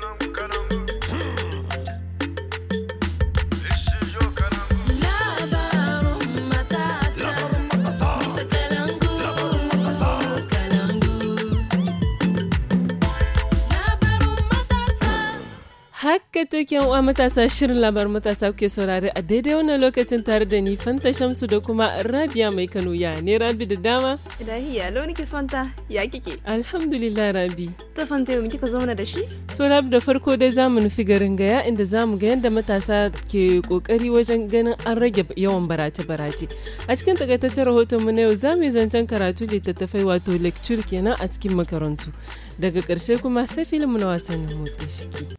Tell them Haka wa matasa shirin labar matasa kuke saurare a daidai wannan lokacin tare da ni Fanta Shamsu da kuma Rabia mai Kano ya ne Rabi da dama. ya lo ke Fanta ya kike. Alhamdulillah Rabi. Ta Fanta yau kika zauna da shi? To Rabi da farko dai za mu nufi garin gaya inda za mu ga yadda matasa ke kokari wajen ganin an rage yawan barace-barace. A cikin takaitaccen rahoton mu na yau zamu yi zancen karatu littattafai wato lecture kenan a cikin makarantu. Daga karshe kuma sai filin na wasannin motsa shiki.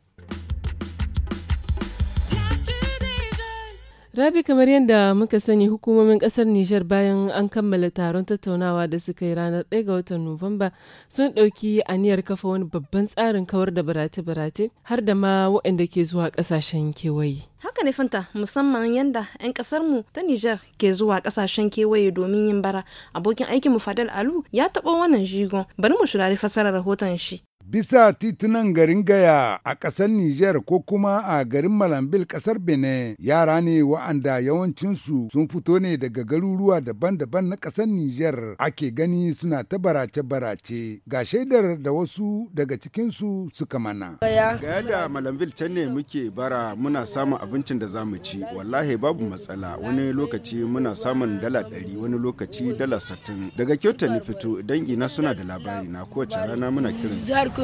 Rabi kamar yadda muka sani hukumomin kasar Nijar bayan an kammala taron tattaunawa da suka yi ranar 1 ga watan Nuwamba sun ɗauki aniyar kafa wani babban tsarin kawar da barate-barate har da ma waɗanda ke zuwa ƙasashen kewaye. Haka ne fanta musamman yadda 'yan ƙasarmu ta Nijar ke zuwa ƙasashen kewaye domin yin bara. Abokin aikin mu Fadal Alu ya taɓo wannan jigon bari mu shirari fassarar rahoton shi. bisa titunan garin gaya a ƙasar Nijar ko kuma a garin Malambil ƙasar Bene yara ne wa'anda yawancinsu sun fito ne daga garuruwa daban-daban na ƙasar Nijar ake gani suna ta barace-barace ga shaidar da wasu daga cikinsu suka mana. Gaya da Malambil can ne muke bara muna samun abincin da zamu ci wallahi babu matsala wani lokaci muna samun dala ɗari wani lokaci dala sittin daga kyauta ni fito dangi na suna da labari na kowace rana muna kiran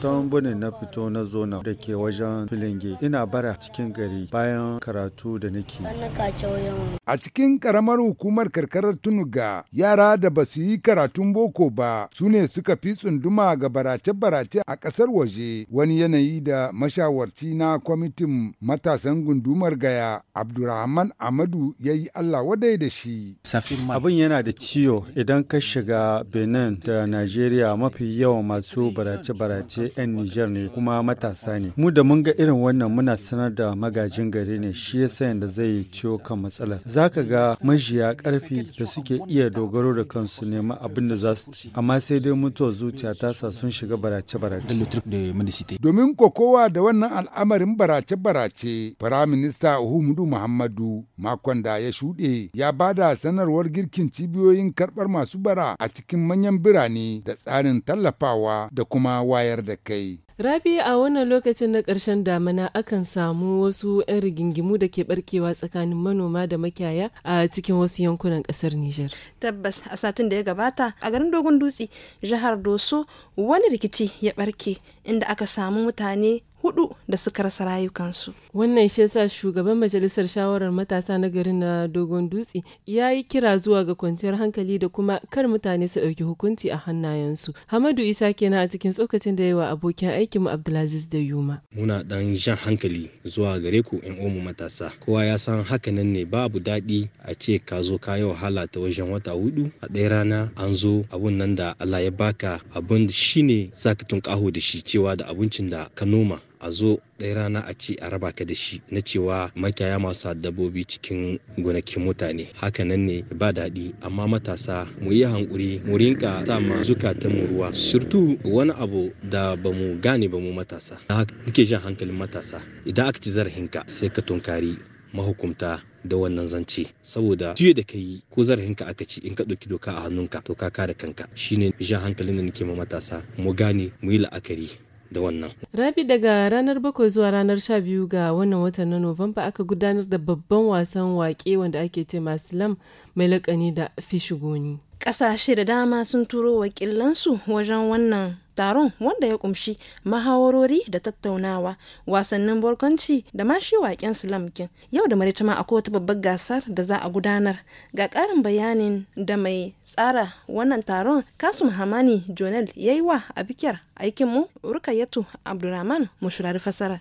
Tambune na fito na zona da ke wajen filinge ina bara cikin gari bayan karatu da nake. A cikin karamar hukumar karkarar Tunuga yara da ba su yi karatun boko ba su ne suka fi tsunduma ga barace-barace a kasar waje wani yanayi da mashawarci na kwamitin matasan gundumar gaya abdulrahman Amadu ya yi Allah wadai da shi. Abin yana da ciwo idan ka shiga Benin da Najeriya mafi yawan masu barace-barace 'yan Nijar ne kuma matasa ne. Mu da mun ga irin wannan muna sanar da magajin gari ne shi yasa da zai ciwo kan matsalar. Za ka ga majiya karfi da suke iya dogaro da kansu nema abin da za su ci. Amma sai dai mutuwa zuciya ta sa sun shiga barace-barace. Domin kokowa da wannan al'amarin barace-barace, Firaminista Uhumudu Muhammadu makon da ya shuɗe ya bada sanarwar girkin cibiyoyin karɓar masu bara a cikin manyan birane da tsarin tallafa. ƙarfafawa da kuma wayar da kai. Rabi a wannan lokacin na ƙarshen damina akan samu wasu 'yan rigingimu da ke barkewa tsakanin manoma da makiyaya a cikin wasu yankunan ƙasar Nijar. Tabbas a satin da ya gabata a garin Dogon Dutse jihar Doso wani rikici ya barke inda aka samu mutane hudu da suka rasa rayukansu. Wannan shi yasa shugaban majalisar shawarar matasa na garin na Dogon Dutse ya yi kira zuwa ga kwanciyar hankali da kuma kar mutane su ɗauki hukunci a hannayensu. Hamadu Isa kenan a cikin tsokacin da yawa abokin aikinmu Abdulaziz da Yuma. Muna dan jan hankali zuwa gare ku ƴan uwanmu matasa. Kowa ya san hakanan ne babu daɗi a ce ka zo ka yi wahala ta wajen wata hudu a ɗaya rana an zo abun nan da Allah ya baka abun shine zaka tunƙaho da shi cewa da abincin da ka noma a zo ɗaya rana a ce a raba ka da shi na cewa makiyaya masu dabbobi cikin gonakin mutane hakanan ne ba daɗi amma matasa mu yi hankuri mu rinka sa ma mu ruwa surtu wani abu da ba mu gane ba mu matasa na nake jan hankalin matasa idan aka ci zarafinka sai ka tunkari mahukunta da wannan zance saboda tuye da ka yi ko zarafinka aka ci in ka ɗauki doka a hannunka to ka kare kanka shine jan hankalin da nake ma matasa mu gane mu yi la'akari da wannan. Rabi daga ranar bakwai zuwa ranar sha biyu ga wannan watan na Nuwamba aka gudanar da babban wasan waƙe wanda ake ce Maslam mai lakani da Fishigoni. Ƙasashe da dama sun turo wakilansu wajen wannan taron wanda ya kumshi mahawarori da tattaunawa wasannin barkwanci da ma shi waƙen sulamkin yau da maritama akwai wata babbar gasar da za a gudanar ga ƙarin bayanin da mai tsara wannan taron kasum hamani jonel ya yi wa a bikiyar aikinmu rukayyatu abdulrahman mushurari fasara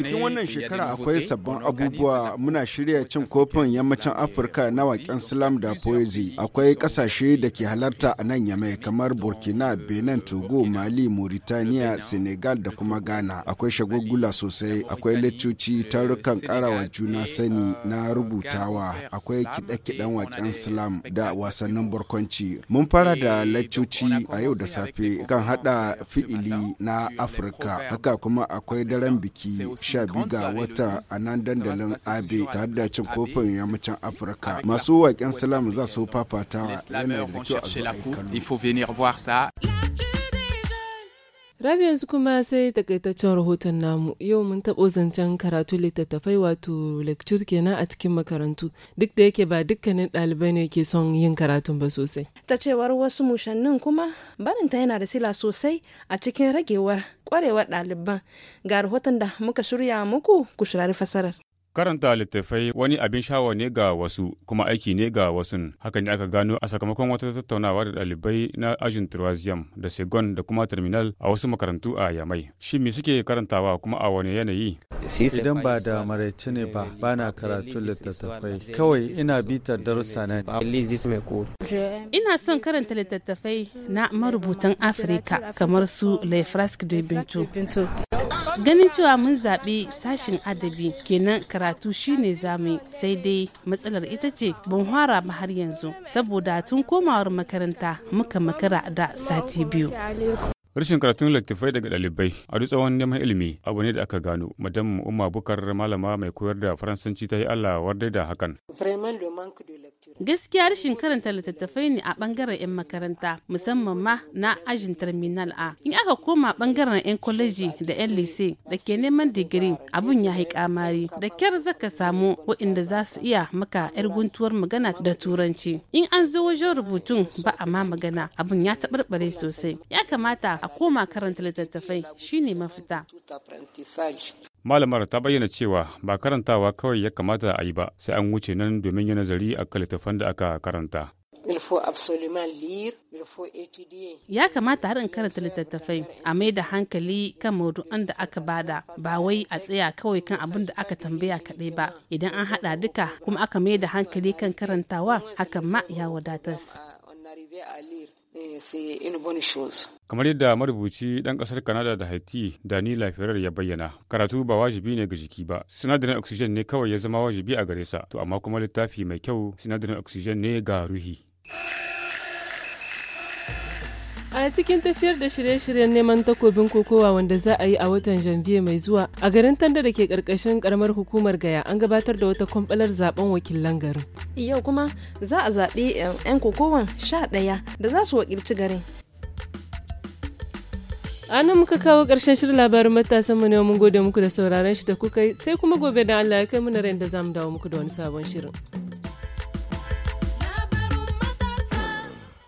bikin wannan shekara akwai sabbin abubuwa muna shirya cin kofin yammacin afirka na waƙen silam da poezi akwai ƙasashe da ke halarta a nan yamai kamar burkina benin togo mali mauritania senegal da kuma ghana akwai shagulgula sosai akwai leccoci tarukan karawa juna sani na rubutawa akwai kiɗe-kiɗen waƙen slam da wasannin barkwanci mun fara da leccoci a yau da safe kan hada fi'ili na afirka haka kuma akwai daren biki sha biyu ga wata a nan dandalin abe tare da cin kofin yammacin afirka masu waƙen slam za su fafata yana da kyau a zo a yi Rabi yanzu kuma sai takaitaccen rahoton namu yau mun taɓo zancen karatu littattafai wato lecture kenan a cikin makarantu duk da yake ba dukkanin ɗalibai ne ke son yin karatun ba sosai. Ta cewar wasu mushannin kuma barinta yana da sila sosai a cikin ragewar kwarewar ɗaliban ga rahoton da muka shirya muku ku shirari fasarar. Karanta littattafai wani abin shawa ne ga wasu kuma aiki ne ga wasu haka ne aka gano a sakamakon wata tattaunawa da ɗalibai na ajin Troisium da Segon da kuma Terminal a wasu makarantu a Yamai. Shi me suke karantawa kuma a wani yanayi? Idan ba da maraice ne ba, ba na karatu littattafai. Kawai ina bitar darussa Ina son karanta littattafai na marubutan Afirka kamar su Le Frasque de ganin cewa mun zaɓi sashin adabi kenan karatu shine zamu sai dai matsalar ita ce ban fara ba har yanzu saboda tun komawar makaranta muka makara da sati biyu Rashin karatun littattafai daga ɗalibai a duk tsawon neman ilimi abu ne da aka gano. Madam Umma Bukar malama mai koyar da Faransanci ta yi Allah wardai da hakan. Gaskiya rashin karanta littattafai ne a bangaren 'yan makaranta musamman ma na ajin terminal A. In aka koma bangaren 'yan kwaleji da 'yan lise da ke neman digiri abun ya yi kamari da kyar zaka samu waɗanda za su iya maka 'yar guntuwar magana da turanci. In an zo wajen rubutun ba a ma magana abun ya taɓarɓare sosai. Ya kamata a koma karanta littattafai shine mafita. Malamar ta bayyana cewa ba karantawa kawai ya kamata a yi ba sai an wuce nan domin yi nazari a littattafan da aka karanta. Ya kamata harin karanta littattafai a mai da hankali kan maudu'an da aka bada ba wai a tsaya kawai kan abin da aka tambaya kaɗai ba idan an haɗa duka kuma aka mai da hankali kan karantawa hakan ma ya wadatas. Eh, Kamar yadda marubuci ɗan ƙasar Kanada da Haiti Danila Ferrer ya bayyana, karatu ba wajibi ne ga jiki ba, sinadarin oxygen ne kawai ya zama wajibi a gare sa, to amma kuma littafi mai kyau sinadarin oxygen ne ga ruhi. A cikin tafiyar da shirye-shiryen neman takobin kokowa wanda za a yi a watan janvier mai zuwa a garin Tanda da ke karkashin karamar hukumar Gaya an gabatar da wata kwamfalar zaben wakilan garin. Yau kuma za a zaɓi 'yan eh, kokowan sha ɗaya da za su wakilci garin. A nan muka kawo ƙarshen shirin labarin matasan mu ne mun gode muku da sauraron shi da kuka yi sai kuma gobe da Allah ya kai mu na da zamu dawo muku da wani sabon shirin.